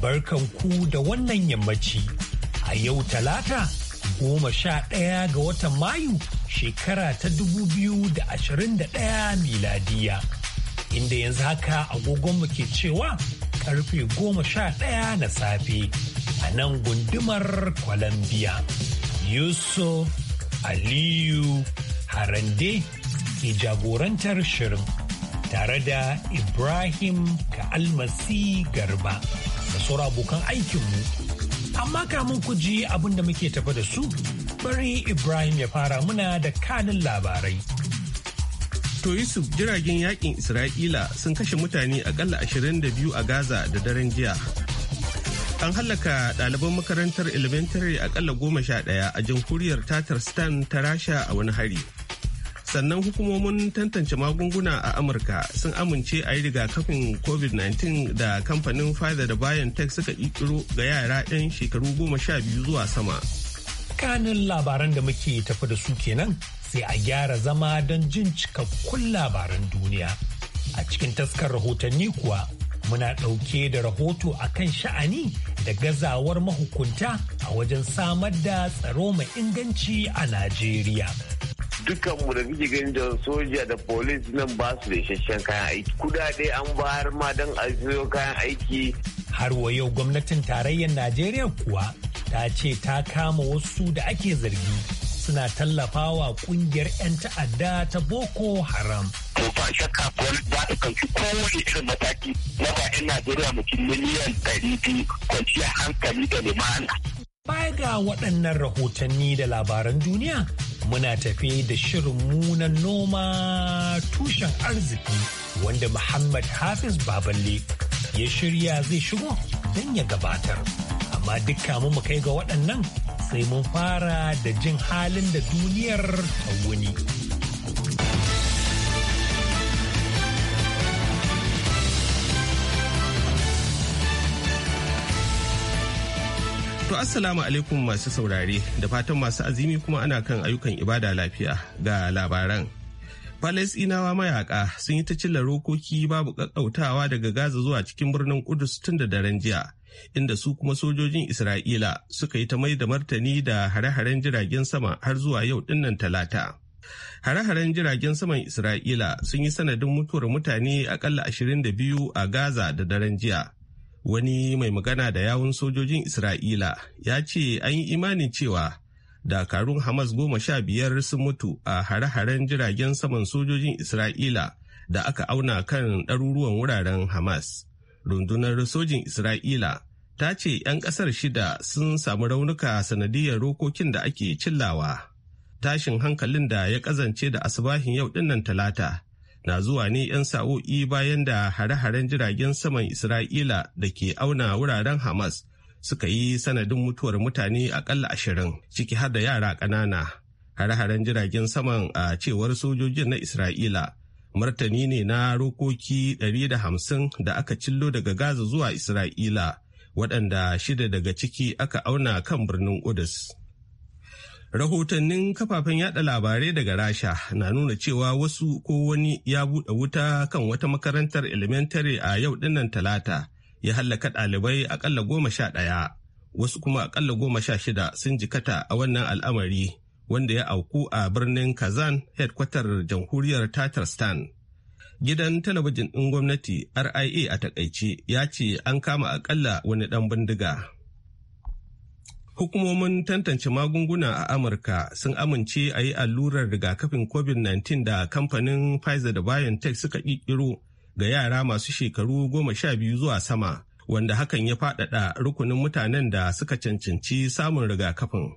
barkan ku da wannan yammaci a yau talata goma sha ɗaya ga watan Mayu shekara ta dubu biyu da ashirin da ɗaya miladiya. Inda yanzu haka agogonmu ke cewa karfe goma sha ɗaya na safe a nan gundumar Colombia. Yusuf Aliyu Harande ke jagorantar shirin tare da Ibrahim ka Almasi Garba. sauran abokan aikinmu. Amma kamun mun ji abin da muke tafa da su, bari Ibrahim ya fara muna da kanin labarai. To Yusuf jiragen yakin Isra'ila sun kashe mutane akalla biyu a Gaza da daren jiya. An hallaka ɗaliban makarantar elementary akalla goma sha ɗaya a jamhuriyar Tatarstan ta Rasha a wani hari. sannan hukumomin tantance magunguna a amurka sun amince a yi rigakafin covid-19 da kamfanin pfizer da bayan tech suka ƙirƙiro ga yara 'yan shekaru goma sha biyu zuwa sama kanin labaran da muke tafi da su kenan sai a gyara zama don jin cikakkun labaran duniya a cikin taskar rahotanni kuwa muna ɗauke da rahoto a kan sha'ani da gazawar mahukunta a wajen samar da tsaro mai inganci a najeriya dukanmu da kuke ganin da soja da polis nan ba su da isasshen kayan aiki kudade an bayar ma don a kayan aiki har wa yau gwamnatin tarayyar najeriya kuwa ta ce ta kama wasu da ake zargi suna tallafawa kungiyar 'yan ta'adda ta boko haram to ba shakka gwamnati za ta ɗauki kowane irin mataki na ba 'yan najeriya mutum miliyan 200 kwanciyar hankali da limana baya ga waɗannan rahotanni da labaran duniya muna tafi da shirin munan noma tushen arziki wanda Muhammad Hafiz Baballe ya shirya zai shigo don ya gabatar. Amma dukka mu mu kai ga waɗannan sai mun fara da jin halin da duniyar ta wuni. To assalamu alaikum masu saurare da fatan masu azimi kuma ana kan ayyukan ibada lafiya ga labaran. Falasɗinawa mayaka sun yi ta cilla rokoki babu ƙaƙƙautawa daga Gaza zuwa cikin birnin Kudus tun da daren jiya, inda su kuma sojojin Isra'ila suka yi ta mai da martani da hare-haren jiragen sama har zuwa yau dinnan talata. Hare-haren jiragen saman Isra'ila sun yi sanadin mutuwar mutane akalla 22 a Gaza da daren jiya. wani mai magana da yawun sojojin isra'ila ya ce an yi imanin cewa dakarun hamas goma sha biyar sun mutu a hare-haren jiragen saman sojojin isra'ila da aka auna kan ɗaruruwan wuraren hamas rundunar sojin isra'ila ta ce 'yan ƙasar shida sun samu raunuka sanadiyar rokokin da ake cillawa tashin hankalin da ya ƙazance da asibahin yau dinnan talata na zuwa ne 'yan sa'o'i bayan da hare-haren jiragen saman Isra'ila da ke auna wuraren Hamas suka yi sanadin mutuwar mutane akalla ashirin ciki har da yara ƙanana. Hare-haren jiragen saman a cewar sojojin na Isra'ila martani ne na rokoki 150 da aka cillo daga Gaza zuwa Isra'ila waɗanda shida daga ciki aka auna kan birnin Udus. rahotannin kafafen yada labarai daga rasha na nuna cewa wasu ko wani ya buɗe wuta kan wata makarantar elementary a yau dinnan talata ya hallaka ɗalibai akalla goma sha ɗaya wasu kuma akalla goma sha shida sun jikata a wannan al'amari wanda ya auku a birnin kazan headkwatar jamhuriyar tatarstan gidan talabijin ɗin gwamnati ria a takaice ya ce an kama akalla wani ɗan bindiga. Hukumomin tantance magunguna a Amurka sun amince a yi allurar rigakafin COVID-19 da kamfanin Pfizer da BioNTech suka kirkiro ga yara masu shekaru goma sha biyu zuwa sama, wanda hakan ya faɗaɗa rukunin mutanen da suka cancanci samun rigakafin.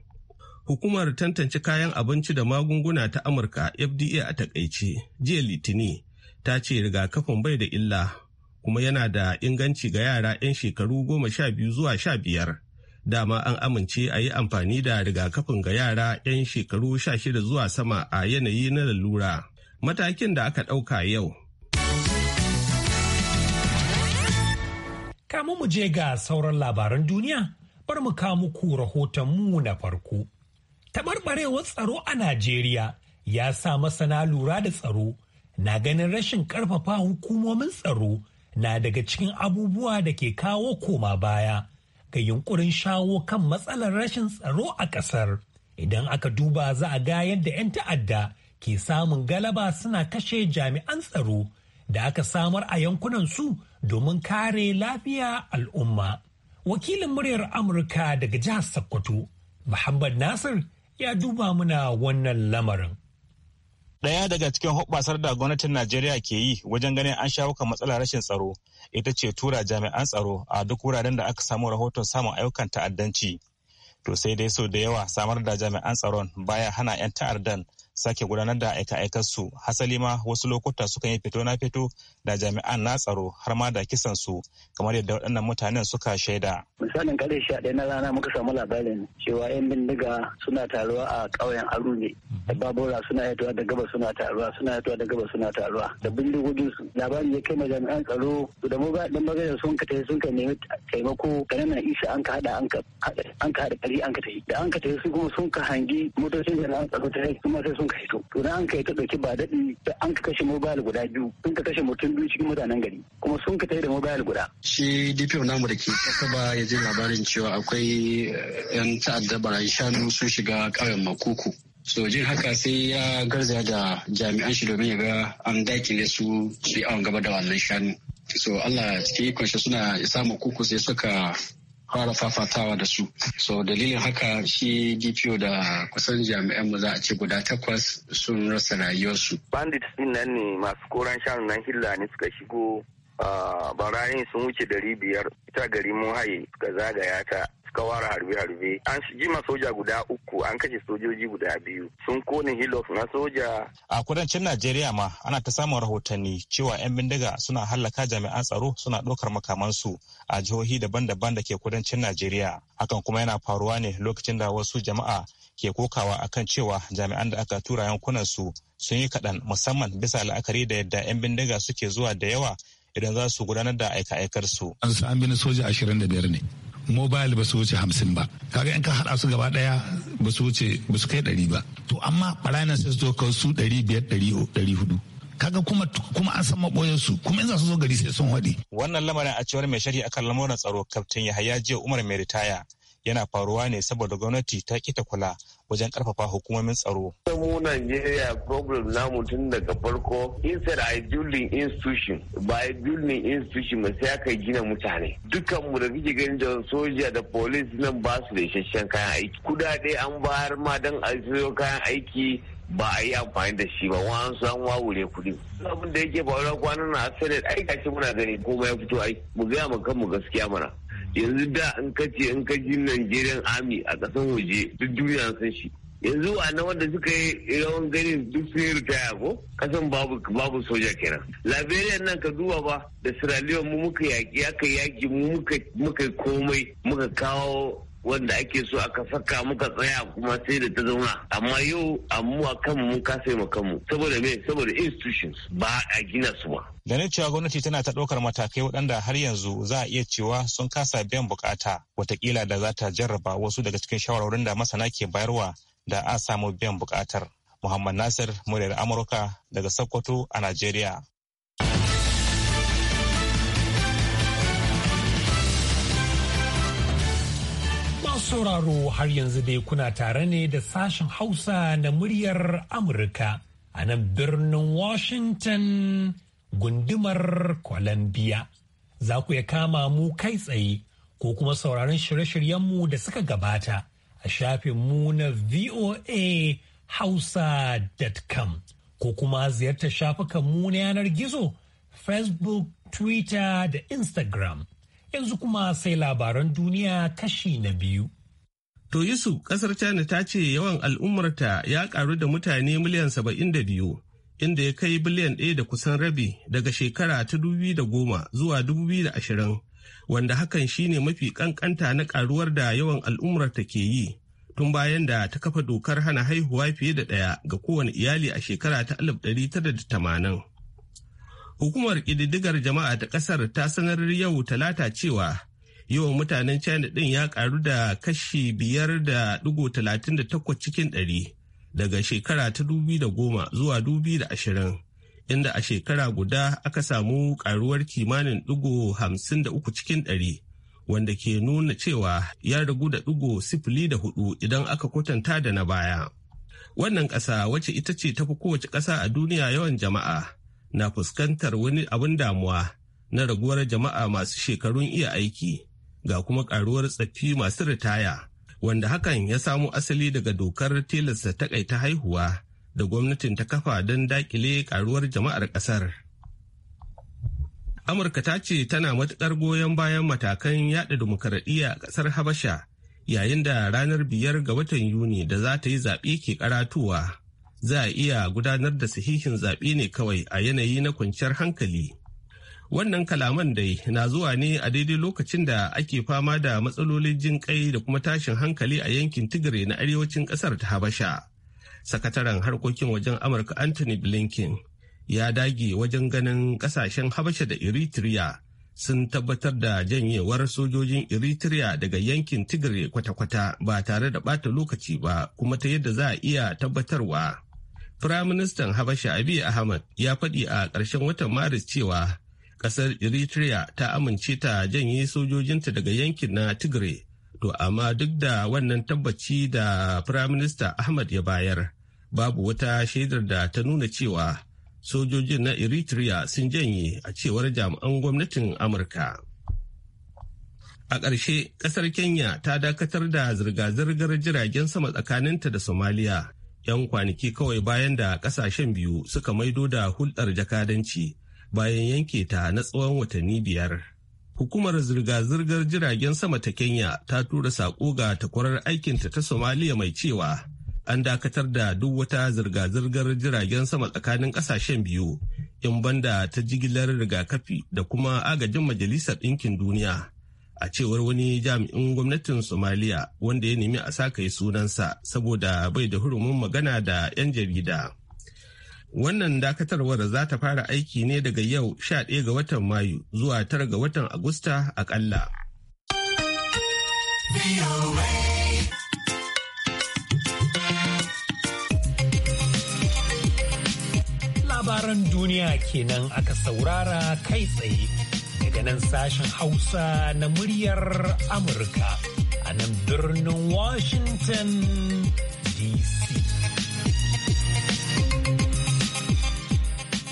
Hukumar tantance kayan abinci da magunguna ta Amurka FDA a takaice, jiya Litini, ta ce rigakafin bai da illa kuma yana da inganci ga yara 'yan shekaru goma sha biyu zuwa sha biyar dama an amince a yi amfani da rigakafin ga yara 'yan shekaru 16 zuwa sama a yanayi na lalura matakin da aka ɗauka yau. Kamu mu je ga sauran labaran duniya, bar mu kamu ku mu na farko. Taɓarɓarewar tsaro a Najeriya ya sa masana lura da tsaro na ganin rashin karfafa hukumomin tsaro na daga cikin abubuwa da ke kawo koma baya. ga yunkurin shawo kan matsalar rashin tsaro a ƙasar. Idan aka duba za a ga yadda 'yan ta'adda ke samun galaba suna kashe jami'an tsaro da aka samar a yankunan su domin kare lafiya al'umma. Wakilin muryar Amurka daga jihar Sokoto, Muhammad Nasir ya duba mana wannan lamarin. Ɗaya daga cikin hoɓɓasar da gwamnatin Najeriya ke yi wajen ganin an shawo kan matsalar rashin tsaro ita ce tura jami'an tsaro a duk wuraren da aka samu rahoton samun ayyukan ta'addanci. To sai dai sau da yawa samar da jami'an tsaron baya hana 'yan ta'addan sake gudanar da aika-aikarsu hasali ma wasu lokuta sukan yi fito na fito da jami'an na tsaro har ma da kisan su kamar yadda waɗannan mutanen suka shaida. misalin kare sha ɗaya na rana muka samu labarin cewa yan bindiga suna taruwa a ƙauyen arune da babura suna yatuwa da gaba suna taruwa suna yatuwa da gaba suna taruwa da bindigogin su labarin ya kai ma jami'an tsaro da mu ba dan magana sun ka tafi sun ka nemi taimako kanana na isa an ka hada an ka an ka hada kari an ka tafi da an ka tafi su kuma sun ka hangi motocin jami'an tsaro ta kuma sai sun ka to an ka ta dauki ba daɗi da an ka kashe mobile guda biyu sun ka kashe mutum biyu cikin mutanen gari kuma sun ka tafi da mobile guda. shi na namu da ke ba ya ji labarin cewa akwai eh, yan ta'adda barayi shanu sun shiga ƙauyen makuku sojin haka sai ya garza da jami'an shi domin ya ga an dakile su su yi awon gaba da wannan shanu so allah cikin ikon shi suna isa makuku sai suka fara fafatawa da su so dalilin haka shi dpo da kusan jami'an mu za a ce guda takwas sun rasa rayuwarsu bandits din nan ne masu koran shanu nan hilla ne suka shigo ah, barayin sun wuce dari biyar ita gari mun haye suka zagaya ta suka wara harbe-harbe an ma soja guda uku an kashe sojoji guda biyu sun kone hilof na soja a kudancin najeriya ma ana ta samun rahotanni cewa 'yan bindiga suna hallaka jami'an tsaro suna ɗaukar makamansu a jihohi daban-daban da ke kudancin najeriya hakan kuma yana faruwa ne lokacin da wasu jama'a ke kokawa akan cewa jami'an da aka tura yankunan su sun yi kaɗan musamman bisa la'akari da yadda 'yan bindiga suke zuwa da yawa idan za su gudanar da aika-aikar su. An sami ashirin soja 25 ne. mobile ba su wuce hamsin ba kaga in ka haɗa su gaba ɗaya ba su wuce ba su kai ɗari ba to amma ɓarayanar sai su zo su ɗari biyar ɗari hudu kaga kuma kuma an san maboyar su kuma in za su zo gari sai sun haɗi. wannan lamarin a cewar mai shari'a akan lamuran tsaro kaftin yahaya jiya umar mai ritaya yana faruwa ne saboda gwamnati ta ki ta kula wajen karfafa hukumomin tsaro. mu Najeriya problem namu tun daga farko instead a building institution ba a building institution ba sai aka gina mutane dukan mu da kike ganin da soja da police nan ba su da isasshen kayan aiki kudade an bayar ma dan a kayan aiki ba a yi amfani da shi ba wasu an wawure kuɗi abin da yake faruwa kwanan na senate aika gashi muna gani komai ya fito aiki. mu gaya mu kanmu gaskiya mana yanzu da in ka ce in ka ji Nigerian Army a kasan waje duk duniya san shi yanzu a nan wanda suka yi rawan gani duk sun yi ritaya ko kasan babu babu soja kenan liberia nan ka duba ba da sierra leone mu muka yaki aka yaki mu muka muka komai muka kawo wanda ake so aka saka muka tsaya kuma sai da ta zauna amma yau amma kanmu ka sai mu kanmu saboda me saboda institutions ba a gina su ba Da ne cewa gwamnati tana ta ɗaukar matakai waɗanda har yanzu za a iya cewa sun kasa biyan bukata watakila da za ta jarraba wasu daga cikin shawarwarin da masana ke bayarwa da a samu biyan bukatar muhammad nasir muryar amurka daga sokoto a najeriya sauraro har yanzu dai kuna tare ne da sashen Hausa na muryar Amurka a nan birnin Washington gundumar Columbia. Za ku ya kama mu kai tsaye ko kuma sauraron shirye-shiryenmu da suka gabata a shafin mu na VOA Hausa.com ko kuma ziyartar shafukanmu na yanar gizo Facebook, Twitter da Instagram. Yanzu kuma sai labaran duniya kashi na biyu. To Yusuf, ƙasar China ta ce yawan al'ummarta ya ƙaru da mutane miliyan saba'in da biyu, inda ya kai biliyan ɗaya da kusan rabi daga shekara ta dubi da goma zuwa dubi da ashirin, wanda hakan shine mafi ƙanƙanta na ƙaruwar da yawan al'ummarta ke yi. Tun bayan da ta kafa dokar hana haihuwa fiye da ɗaya ga kowane iyali a shekara ta alif ɗari tara da tamanin. Hukumar ƙididdigar jama'a ta ƙasar ta sanar yau talata cewa yawan mutanen China ɗin ya ƙaru da kashi biyar da ɗigo talatin da takwas cikin ɗari daga shekara ta dubi da goma zuwa dubi da ashirin. Inda a shekara guda aka samu ƙaruwar kimanin ɗigo hamsin da uku cikin ɗari. Wanda ke nuna cewa ya ragu da ɗigo sifili da hudu idan aka kwatanta da na baya. Wannan ƙasa wacce ita ce tafi kowace ƙasa a duniya yawan jama'a na fuskantar wani abin damuwa na raguwar jama'a masu shekarun iya aiki ga kuma karuwar tsaffi masu ritaya wanda hakan ya samo asali daga dokar tilasta takaita haihuwa da gwamnatin ta kafa don dakile karuwar jama'ar kasar. Amurka ta ce tana matuƙar goyon bayan matakan yaɗa demokaradiyya a kasar Habasha yayin da ranar biyar ga watan Yuni da za ta yi zaɓe ke karatuwa. za a iya gudanar da sahihin zaɓe ne kawai a yanayi na kwanciyar hankali. Wannan kalaman dai na zuwa ne a daidai lokacin da ake fama da matsalolin jin kai da kuma tashin hankali a yankin Tigray na arewacin ƙasar ta Habasha. Sakataren harkokin wajen Amurka Anthony Blinken ya dage wajen ganin ƙasashen Habasha da Eritrea sun tabbatar da janyewar sojojin Eritrea daga yankin Tigray kwata-kwata ba tare da bata lokaci ba kuma ta yadda za a iya tabbatarwa. Firaministan Habasha Abiy Ahmad ya faɗi a ƙarshen watan Maris cewa ƙasar Eritrea ta amince ta janye sojojinta daga yankin na Tigray. To amma duk da wannan tabbaci da Firaminista Ahmad ya bayar, babu wata shaidar da ta nuna cewa sojojin na Eritrea sun janye a cewar jami'an gwamnatin Amurka. A ƙarshe, ƙasar Kenya ta dakatar da zirga-zirgar jiragen sama tsakaninta da Somalia. 'yan kwanaki kawai bayan da kasashen biyu suka maido da hulɗar jakadanci bayan yanke ta na tsawon watanni biyar. Hukumar zirga-zirgar jiragen sama ta Kenya ta tura saƙo ga takwarar aikinta ta Somaliya mai cewa an dakatar da duk wata zirga-zirgar jiragen sama tsakanin ƙasashen biyu in banda ta jigilar rigakafi da kuma agajin Majalisar Ɗinkin Duniya. a cewar wani jami'in gwamnatin somaliya wanda ya nemi a sakai sunansa saboda bai da hurumin magana da 'yan jarida wannan dakatarwar za ta fara aiki ne daga yau 11 ga watan mayu zuwa 9 ga watan agusta akalla labaran duniya kenan aka saurara kai tsaye daga nan sashen Hausa na muryar Amurka a nan birnin Washington DC.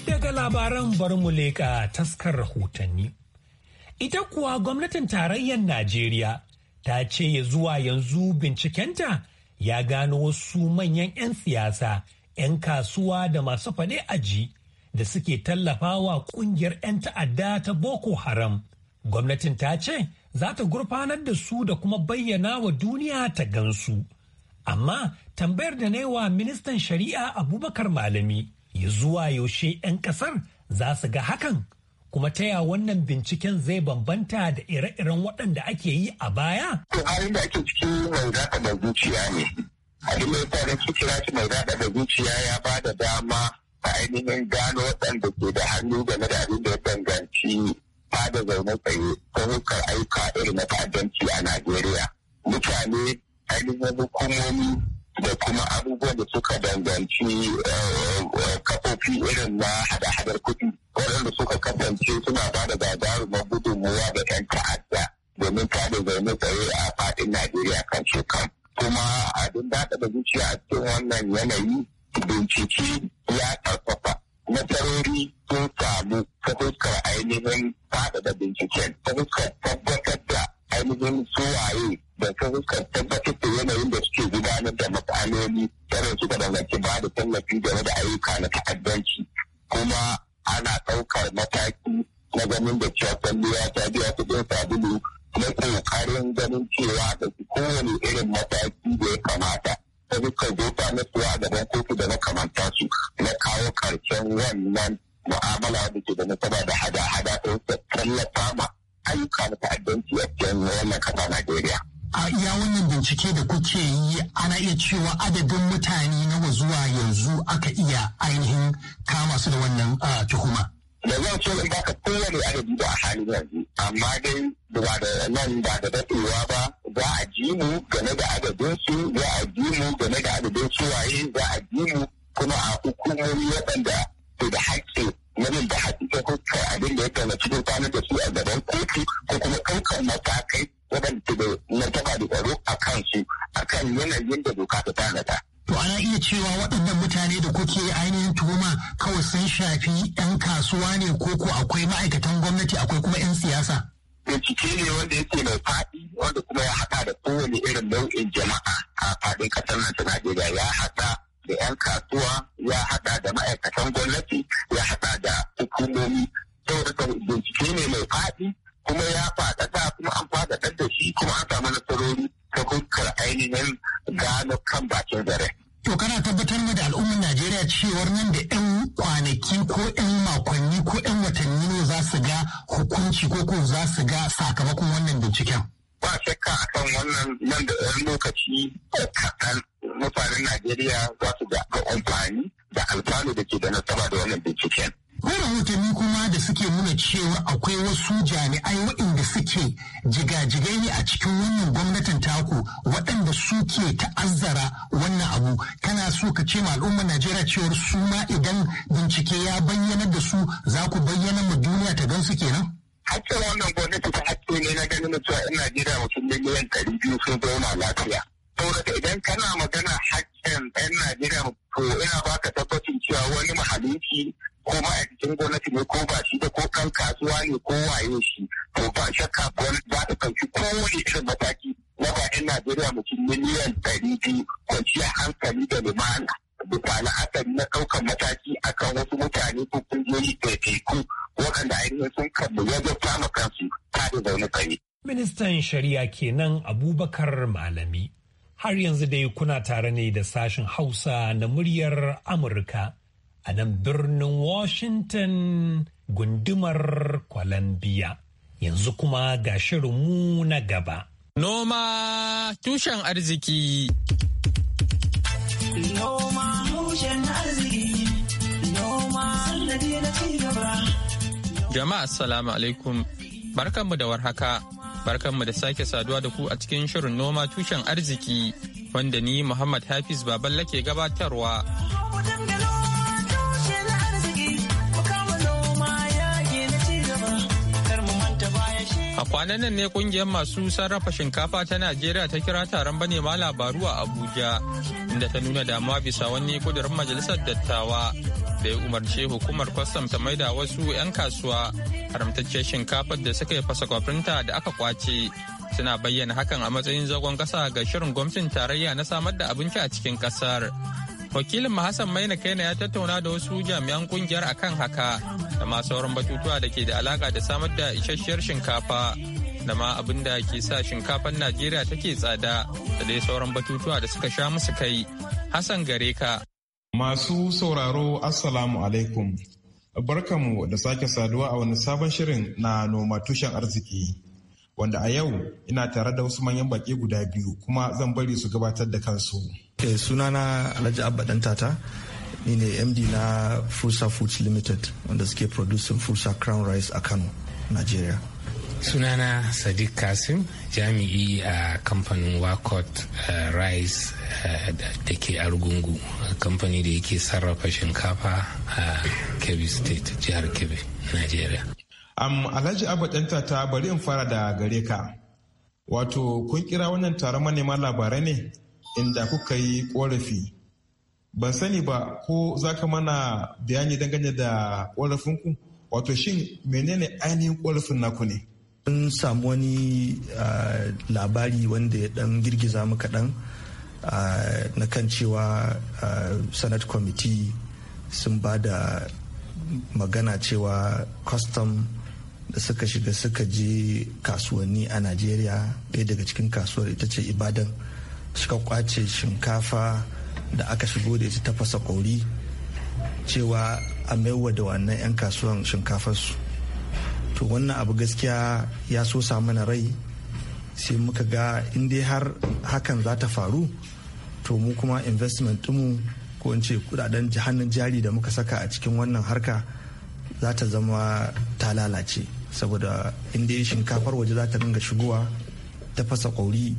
Daga labaran bar mu leƙa taskar rahotanni. Ita kuwa gwamnatin tarayyar Najeriya ta ce ya zuwa yanzu bincikenta ya gano wasu manyan 'yan siyasa, 'yan kasuwa da masu faɗe aji da suke tallafawa kungiyar 'yan ta'adda ta Boko Haram. Gwamnatin ta ce za ta gurfanar da su da kuma bayyana wa duniya ta gansu. Amma tambayar da wa ministan shari'a Abubakar Malami ya zuwa yaushe 'yan ƙasar za su ga hakan kuma taya wannan binciken zai bambanta da ire-iren waɗanda ake yi a baya? halin da ake ciki mai da zuciya ne. Halin da ya kira shi mai da zuciya ya ba da dama a ainihin gano waɗanda ke da hannu game da abin da ya danganci fada zaune tsaye ta hukar aika irin na ta'addanci a Najeriya. Mutane ainihin hukumomi da kuma abubuwan da suka danganci eh, kafofi irin na hada-hadar kuɗi waɗanda suka kasance suna ba da gagarumar gudunmuwa da ɗan ta'adda domin da zaune tsaye a faɗin Najeriya kan shekaru. Kuma abin daɗa da zuciya a cikin wannan yanayi bincike ya karfafa nasarori sun samu ta fuskar ainihin faɗaɗa binciken ta fuskar tabbatar da ainihin suwaye da ta fuskar tabbatar da yanayin da suke gudanar da matsaloli irin suka danganci ba da tallafi game da ayyuka na ta'addanci kuma ana ɗaukar mataki na ganin da cewa kwalliya ta biya kuɗin sabulu na ƙoƙarin ganin cewa da kowane irin mataki da ya kamata ta duka doka na suwa a gaban kotu da kamanta su na kawo karshen wannan mu'amala da ke da nasaba da hada-hada ta tallafa ma ayyuka na ta'addanci a cikin wannan kasa Najeriya. A iya wannan bincike da kuke yi ana iya cewa adadin mutane nawa zuwa yanzu aka iya ainihin kama su da wannan ah, tuhuma. da zan so in baka kowane adadi da a halin yanzu amma dai ba da nan ba da daɗewa ba za a ji mu game da adadin su za a ji mu game da adadin waye za a ji mu kuma a hukumomi waɗanda ke da haƙƙi na min da haƙƙi ko abin da ya kama cikin kwanar da su a gaban kotu ko kuma ɗaukar matakai waɗanda da taɓa da tsaro a kansu akan yanayin da doka ta tanada. To ana iya cewa waɗannan mutane da kuke ainihin tuhuma kawai sun shafi 'yan kasuwa ne ko ko akwai ma'aikatan gwamnati akwai kuma 'yan siyasa. bincike ne wanda yake mai faɗi wanda kuma ya haɗa da kowane irin nau'in jama'a a faɗin ƙasar nan ta Najeriya ya haɗa da 'yan kasuwa ya haɗa da ma'aikatan gwamnati ya haɗa da hukumomi saboda bincike ne mai faɗi kuma ya faɗaɗa kuma an faɗaɗar da shi kuma an samu nasarori ta fuskar ainihin gano kan bakin dare. To kana tabbatar da al'ummar Najeriya cewar nan da 'yan kwanaki ko 'yan makonni ko 'yan watanni ne za su ga hukunci ko ko za su ga sakamakon wannan binciken. Ba shakka kan wannan nan da ɗan lokaci kaɗan mutanen Najeriya za su ga amfani da alfanu da ke da nasaba da wannan binciken. ko rahotanni kuma da suke nuna cewa akwai wasu jami'ai waɗanda suke jigajigai ne a cikin wannan gwamnatin taku waɗanda suke ta'azzara wannan abu kana so ka ce ma al'ummar Najeriya cewar su ma idan bincike ya bayyana da su za ku bayyana ma duniya ta su kenan? Hakkin wannan gwamnati ta hakki ne na ganin cewa in Najeriya mutum miliyan ɗari biyu sun zauna lafiya. Saboda idan kana magana hakkin 'yan Najeriya to ina baka tabbacin cewa wani mahalinci ko ma'aikacin gwamnati ne ko ba shi da ko kan kasuwa ne ko waye shi to ba shakka gwamnati ba ta ɗauki kowane irin mataki na ba 'yan Najeriya mutum miliyan ɗari biyu kwanciya hankali da lumana. Bisa la'akari na ɗaukar mataki akan wasu mutane ko kungiyoyi teku. waɗanda ainihin sun kammu ta kama kansu ta da zaune kai. Ministan Shari'a kenan Abubakar Malami. Har yanzu dai kuna tare ne da sashen Hausa na muryar Amurka. a nan birnin Washington gundumar Columbia. Yanzu kuma ga mu na gaba. Noma tushen arziki. Noma tushen arziki. Noma na cigaba. Jama'a Salamu alaikum. Barkanmu da warhaka. Barkanmu da sake saduwa da ku a cikin shirin noma tushen arziki wanda ni Muhammad Hafiz Baballa ke gabatarwa. A kwanan nan ne kungiyar masu sarrafa shinkafa ta Najeriya ta kira taron manema labaru a Abuja inda ta nuna damuwa bisa wani kudurin majalisar dattawa da ya umarce hukumar kwastam ta maida wasu 'yan kasuwa haramtacciyar shinkafar da suka yi fasakwafinta da aka kwace suna bayyana hakan a matsayin zagon kasa ga shirin gwamnatin tarayya na samar da abinci a cikin kasar wakilin Hassan Maina Kaina ya tattauna da wasu jami'an kungiyar akan haka da ma sauran batutuwa da ke da alaka da samar da isasshiyar shinkafa da ma abin da ke sa shinkafar Najeriya take tsada da dai sauran batutuwa da suka sha musu kai. Hassan gare ka. Masu sauraro Assalamu alaikum. Barkanmu da sake saduwa a wani sabon shirin na noma tushen arziki. wanda a yau ina tare da wasu manyan baƙi guda biyu kuma zan bari su gabatar da kansu. Eh, sunana alhaji abba dantata ni ne md na fursa foods limited wanda suke producing fursa crown rice a kano nigeria sunana sadiq kasim jami'i a kamfanin wakot eh, rice eh, da ke argungu kamfani da yake sarrafa shinkafa a kebbi state jihar kebbi nigeria Am Alhaji Abba danta ta bari in fara da gare ka. Wato kun kira wannan taron manema labarai ne inda kuka yi ƙorafi. Ban sani ba ko za ka mana bayani dangane da ƙorafinku? Wato shin menene ainihin ƙorafin naku ne? an samu wani labari wanda ya dan girgiza mu kaɗan na kan cewa Senate Committee sun ba da magana cewa custom da suka shiga suka je kasuwanni a najeriya ɗaya daga cikin kasuwar ita ce ibadan suka kwace shinkafa da aka shigo da ita tafasa fasa cewa a maiwa da wannan 'yan kasuwan shinkafarsu to wannan abu gaskiya ya so mana rai sai muka ga in dai har hakan za ta faru to mu kuma investment ɗinmu ko in ce kudaden hannun jari da muka saka a cikin wannan harka za ta zama ta lalace saboda inda shinkafar waje za ta ringa shigowa ta fasa kwauri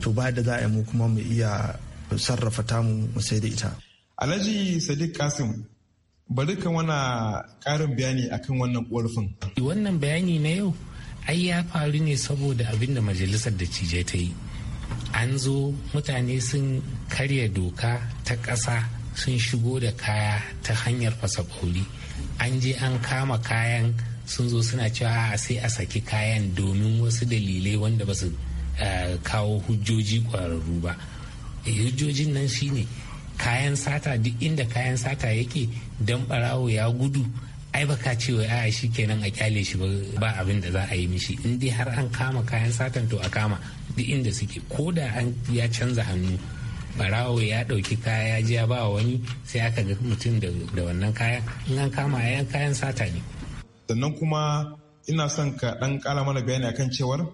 to ba da za a yi mu kuma mu iya sarrafa tamu mu sai da ita. Alhaji Sadiq Kasim bari ka wana karin bayani akan wannan korafin. Wannan bayani na yau ai ya faru ne saboda abin da majalisar da cije ta yi. An zo mutane sun karya doka ta ƙasa sun shigo da kaya ta hanyar fasa kwauri. An je an kama kayan sun zo suna cewa a sai a saki kayan domin wasu dalilai wanda ba su eh, kawo hujjoji kwararru ba eh, hujjojin nan shine kayan sata duk inda kayan sata yake don barawo ya gudu ai baka cewa a shi kenan a kyale shi ba abin da za a yi mishi in dai har an kama kayan satan to a kama duk inda suke ko da an ya canza hannu barawo ya ɗauki kaya ya ba wani sai aka ga mutum da wannan kayan in an kama yan kayan sata ne sannan kuma ina son ka ɗan ƙara mana bayani akan cewar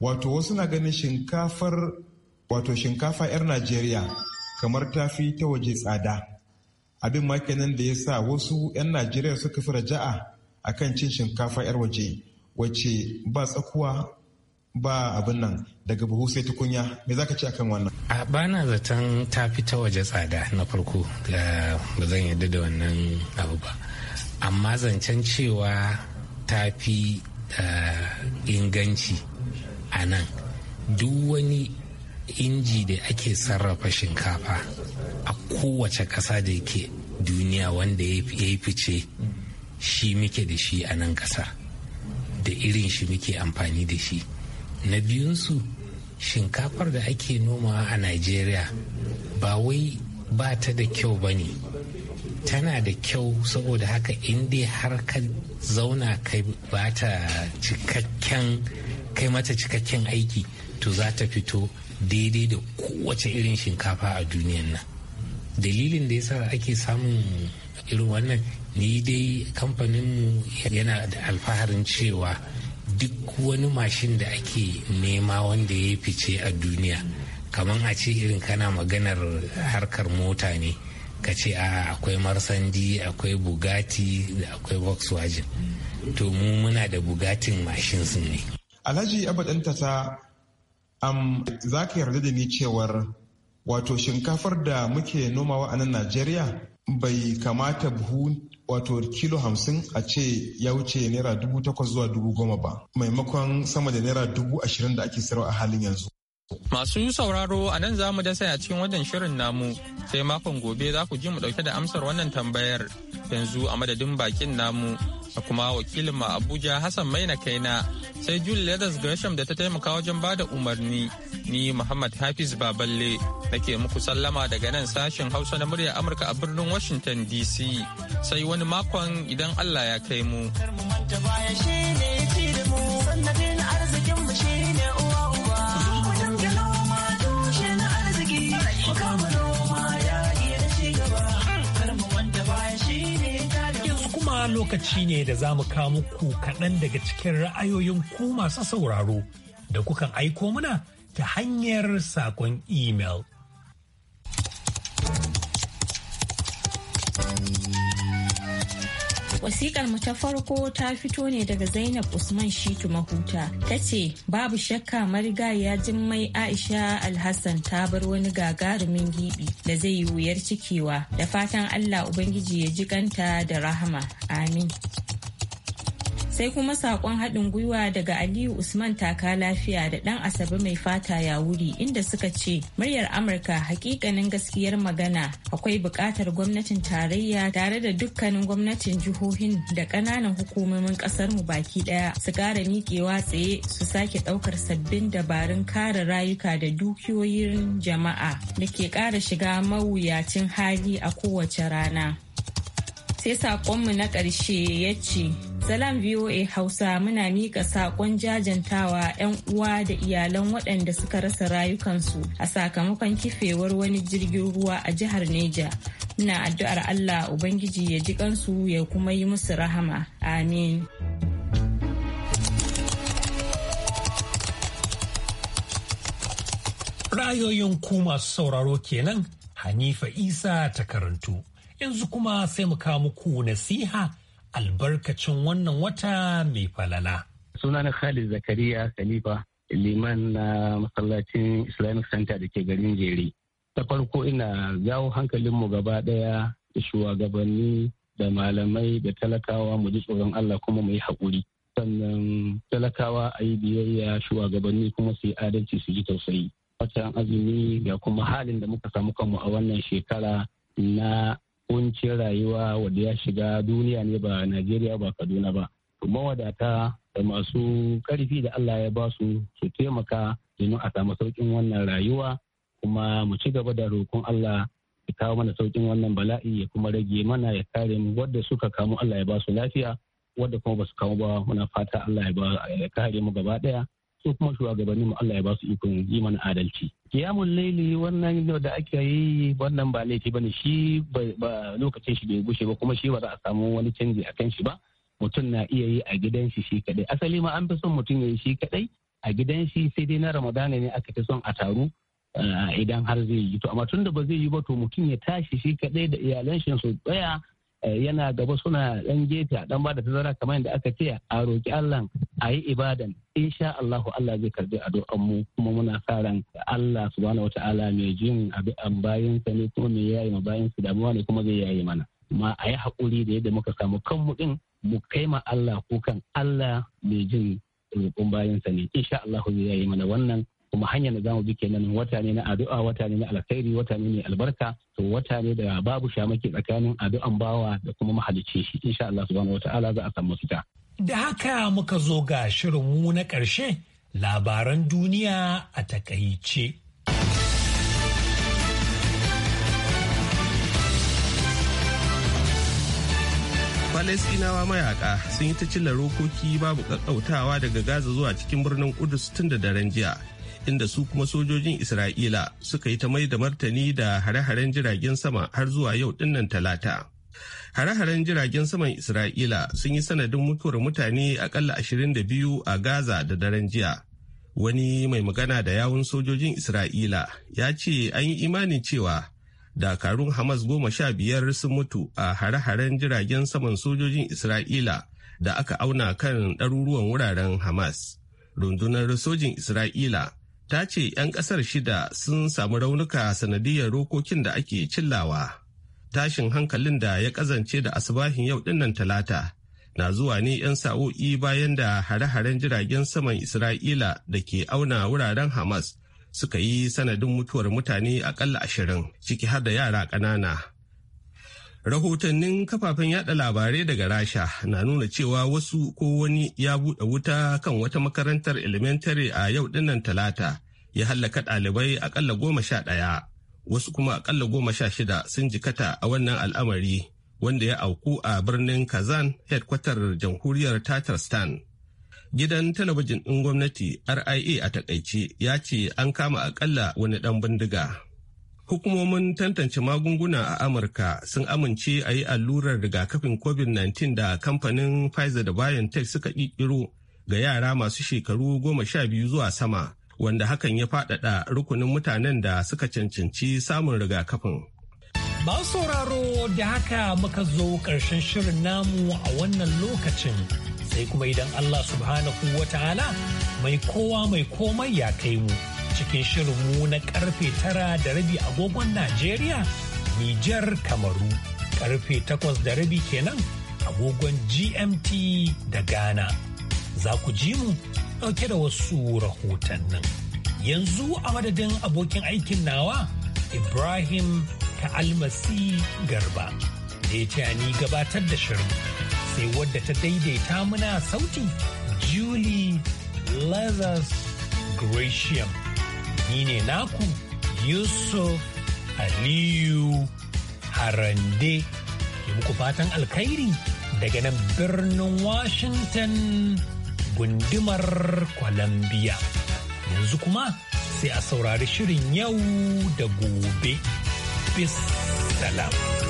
wato wasu na ganin shinkafar wato shinkafa 'yar najeriya kamar ta fi ta waje tsada abin ma kenan da ya sa wasu 'yan najeriya suka fi raja'a akan cin shinkafa 'yar waje wacce ba tsakuwa ba abin nan daga buhu sai tukunya me zaka ci akan wannan a bana zaton ta fi ta waje tsada na farko ba zan yadda da wannan abu ba amma zancen cewa ta fi eh, inganci a nan duk wani inji da ake sarrafa shinkafa a kowace ƙasa da ke duniya wanda ya yi fice shi muke da shi a nan ƙasa da irin shi muke amfani da shi na biyunsu shinkafar da ake nomawa a nigeria ba wai ba ta da kyau ba ne tana da kyau saboda haka in dai har ka zauna kai ba ta cikakken kai mata cikakken aiki to za ta fito daidai da kowace irin shinkafa a duniyan nan dalilin da yasa ake samun irin wannan ni dai kamfanin mu yana da alfaharin cewa duk wani mashin da ake nema wanda ya fice a duniya kamar a ce irin kana maganar harkar mota ne ka ce a akwai marsandi akwai bugatti da akwai volkswagen to mu muna da bugatin mashin sun ne alhaji abadanta ta um, za ka yarda da ni cewar wato shinkafar da muke nomawa a nan najeriya bai kamata buhu wato kilo hamsin a ce ya wuce naira dubu takwas zuwa dubu goma ba maimakon sama da naira dubu ashirin da ake sayarwa a halin yanzu Masu sauraro a nan za mu dasa a cikin wannan shirin namu sai makon gobe za ku ji mu dauke da amsar wannan tambayar yanzu a madadin bakin namu da kuma wakilin ma Abuja Hassan Maina Kaina sai Jul Leathers Gresham da ta taimaka wajen bada umarni ni Muhammad Hafiz Baballe nake muku sallama daga nan sashen Hausa na murya Amurka a birnin Washington DC sai wani makon idan Allah ya kai mu. lokaci ne da za mu kamu ku kaɗan daga cikin ra'ayoyin ku masu sauraro da kukan aiko mana ta hanyar saƙon imel. Wasikar mu ta farko ta fito ne daga Zainab Usman Shitu Mahuta. Ta ce, Babu shakka marigaya mai Aisha Alhassan ta bar wani gagarumin gibi da zai yi wuyar cikewa. Da fatan Allah Ubangiji ya ji da rahama. Amin. sai kuma sakon haɗin gwiwa daga aliyu usman taka lafiya da ɗan asabe mai fata ya wuri inda suka ce muryar amurka hakikanin gaskiyar magana akwai buƙatar gwamnatin tarayya tare da dukkanin gwamnatin jihohin da ƙananan hukumomin ƙasarmu baki ɗaya su ƙara miƙewa tsaye su sake ɗaukar sabbin dabarun kare rayuka da dukiyoyin jama'a da ke ƙara shiga mawuyacin hali a kowace rana sai saƙonmu na ƙarshe ya ce Salam VOA Hausa muna mika saƙon jajantawa 'yan uwa da iyalan waɗanda suka rasa rayukansu a sakamakon kifewar wani jirgin ruwa a jihar Neja. Muna addu'ar Allah Ubangiji ya ji kansu ya kuma yi musu rahama. Amin. rayoyin ku masu sauraro kenan Hanifa Isa ta karantu. Yanzu kuma sai mu kawo muku nasiha albarkacin wannan wata mai falala. Sunana Khalid Zakariya Khalifa liman na masallacin Islamic Center da ke garin Jere. Ta farko ina jawo hankalinmu gaba ɗaya da shugabanni da malamai da talakawa mu ji tsoron Allah kuma mu yi haƙuri. Sannan talakawa a yi biyayya shugabanni kuma su yi adalci su ji tausayi. Watan azumi ga kuma halin da muka samu kanmu a wannan shekara na kuncin rayuwa wanda ya shiga duniya ne ba najeriya ba kaduna ba mawadata da masu karfi da allah ya basu su taimaka domin a samu sauƙin wannan rayuwa kuma mu ci gaba da roƙon allah ya kawo mana saukin wannan bala'i ya kuma rage mana ya kare mu wadda suka kamu allah ya ba su lafiya wadda kuma ba su kamu ba muna fata allah ya kare mu gaba ɗaya su kuma shugabanninmu allah ya ba su ikon yi mana adalci kiyamun laili wannan da ake yi wannan ba laifi bane shi ba lokacin shi bai gushe ba kuma shi ba za a samu wani canji a kan shi ba mutum na iya yi a gidan shi shi kadai asali ma an fi son mutum ya yi shi kadai a gidan shi sai dai na ramadana ne aka fi son a taru eh, idan har zai yi to amma tun da ba zai yi ba to mutum ya tashi shi kadai da iyalan shi su tsaya Eh, yana gaba suna dan gefe a dan bada tazara kamar yadda aka ce a roki Allah a yi ibadan insha Allah Allah zai karbi addu'an mu kuma muna sa ran Allah subhanahu wataala mai jin abin bayin sa ne kuma mai yayi ma bayin su damuwa ne kuma zai yayi mana ma a yi haƙuri da yadda muka samu kanmu din mu kai ma Allah kukan Allah mai jin roƙon bayansa ne insha Allah zai yayi mana wannan kuma hanyar da zamu bi kenan wata ne na addu'a wata ne na alkhairi wata ne albarka to wata ne da babu shamaki tsakanin addu'an bawa da kuma mahalicci shi insha Allah subhanahu wataala za a samu fita da haka muka zo ga shirin mu na ƙarshe labaran duniya a takaice falastinawa mayaka sun yi ta cilla rokoki babu ƙaƙƙautawa daga Gaza zuwa cikin birnin Kudus tun da daren jiya. inda su kuma sojojin Isra'ila suka yi ta mai da martani da hare-haren jiragen sama har zuwa yau dinnan talata. Hare-haren jiragen saman Isra'ila sun yi sanadin mutuwar mutane akalla 22 a Gaza da daren jiya. Wani mai magana da yawun sojojin Isra'ila ya ce an yi imanin cewa dakarun Hamas goma sha biyar sun mutu a hare-haren jiragen saman sojojin Isra'ila da aka auna kan ɗaruruwan wuraren Hamas. rundunar sojin Isra'ila ta ce 'yan kasar shida sun samu raunuka sanadiyar rokokin da ake cillawa. Tashin hankalin da ya kazance da asibahin yau dinnan talata na zuwa ne 'yan sa'o'i bayan da hare-haren jiragen saman Isra'ila da ke auna wuraren Hamas suka yi sanadin mutuwar mutane akalla ashirin ciki har da yara ƙanana. rahotannin kafafen yada labarai daga rasha na nuna cewa wasu ko wani ya buɗe wuta kan wata makarantar elementary a yau dinnan talata ya hallaka ɗalibai akalla goma sha ɗaya wasu kuma akalla goma sha shida sun jikata a wannan al'amari wanda ya auku a birnin kazan headkwatar jamhuriyar tatarstan gidan talabijin ɗin gwamnati ria a takaice ya ce an kama akalla wani ɗan bindiga hukumomin tantance magunguna a amurka sun amince a yi allurar rigakafin covid-19 da kamfanin pfizer da biontech suka ƙirƙiro ga yara masu shekaru goma sha biyu zuwa sama wanda hakan ya faɗaɗa rukunin mutanen da suka cancanci samun rigakafin Ba sauraro da haka muka zo ƙarshen shirin namu a wannan lokacin sai kuma idan allah subhanahu wa ta'ala mai kowa mai komai ya kai mu. cikin shirinmu na karfe tara da rabi agogon Najeriya, Nijar Kamaru, karfe takwas da rabi kenan agogon GMT da Ghana. Za ku ji mu ɗauke da wasu rahotannin. Yanzu a madadin abokin aikin nawa, Ibrahim ta Almasi Garba, da ya ni gabatar da shirin, sai wadda ta daidaita muna sauti, Julie Lazarus Gratium. ni ne naku Yusuf Aliyu Harande ke muku fatan alkhairi daga nan birnin Washington gundumar Columbia. Yanzu kuma sai a saurari shirin yau da gobe. Peace. Salam.